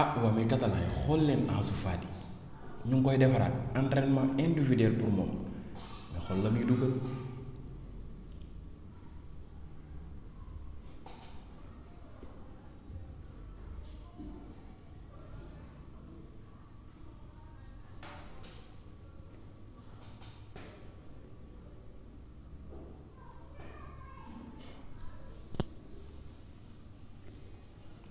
ah waaw mais catalan yi xool leen Ansu Fati ñu ngi koy defaraat entraînement individuel pour moom nga xool la muy dugal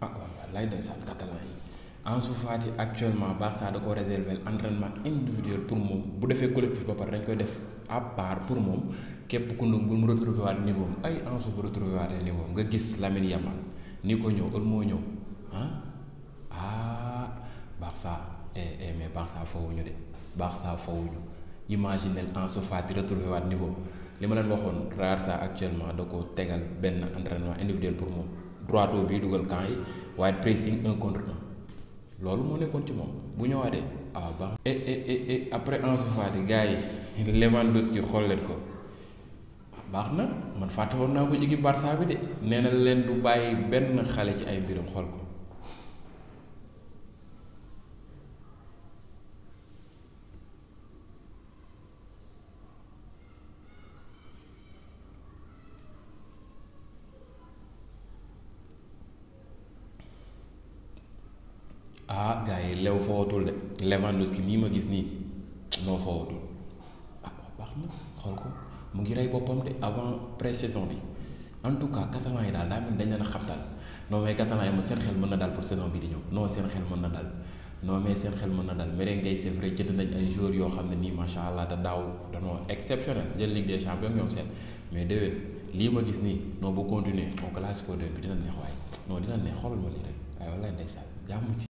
ah waaw lay ndeysaan catalan yi Ansu Fati actuellement Barça da ko réserver entraînement individuel pour moom bu defee collectif ba pare dañ koy def à pour moom képp ku ndung bu mu retrouver waat niveau ay Ansu bu retrouver waatee nga gis Lamine Yamal ni ko ñëw ël moo ñëw ah ah Barça eh, eh mais Barça fowuñu de Barça fowuñu imaginel Ansu Fati retrouver waat niveau li ma leen waxoon Barça actuellement da ko tegal benn entraînement individuel pour moom droite bi dugal camp yi waaye pressing un contre un loolu moo nekkoon ci moom bu ñëwaatee ah baax et et eh, eh, eh, après Ansu Fati gars yi Lewandowski xool leen ko ah, baax na man fàtte woon naa ko équipe Barça bi de nee na leen du bàyyi benn xale ci ay mbiram xool ko ah gars yi lew foowatul de Lewandowski nii ma gis nii noo foowatul ah baax na xool ko mu ngi rey boppam de avant pré-saison bi en tout cas catalan yi daal daa mel dañ leen a xabtal non mais catalan yi ma seen xel mën na daal pour saison bi di ñëw non seen xel na daal non mais seen mën na daal merengue yi c'est jënd nañ ay joueurs yoo xam ne nii macha allah te daaw danoo exceptionnel jël Ligue champions ñoom seen mais déwén lii ma gis nii noo bu continuer au classico 2 bi dina neex waaye non dina neex xoolal lii rek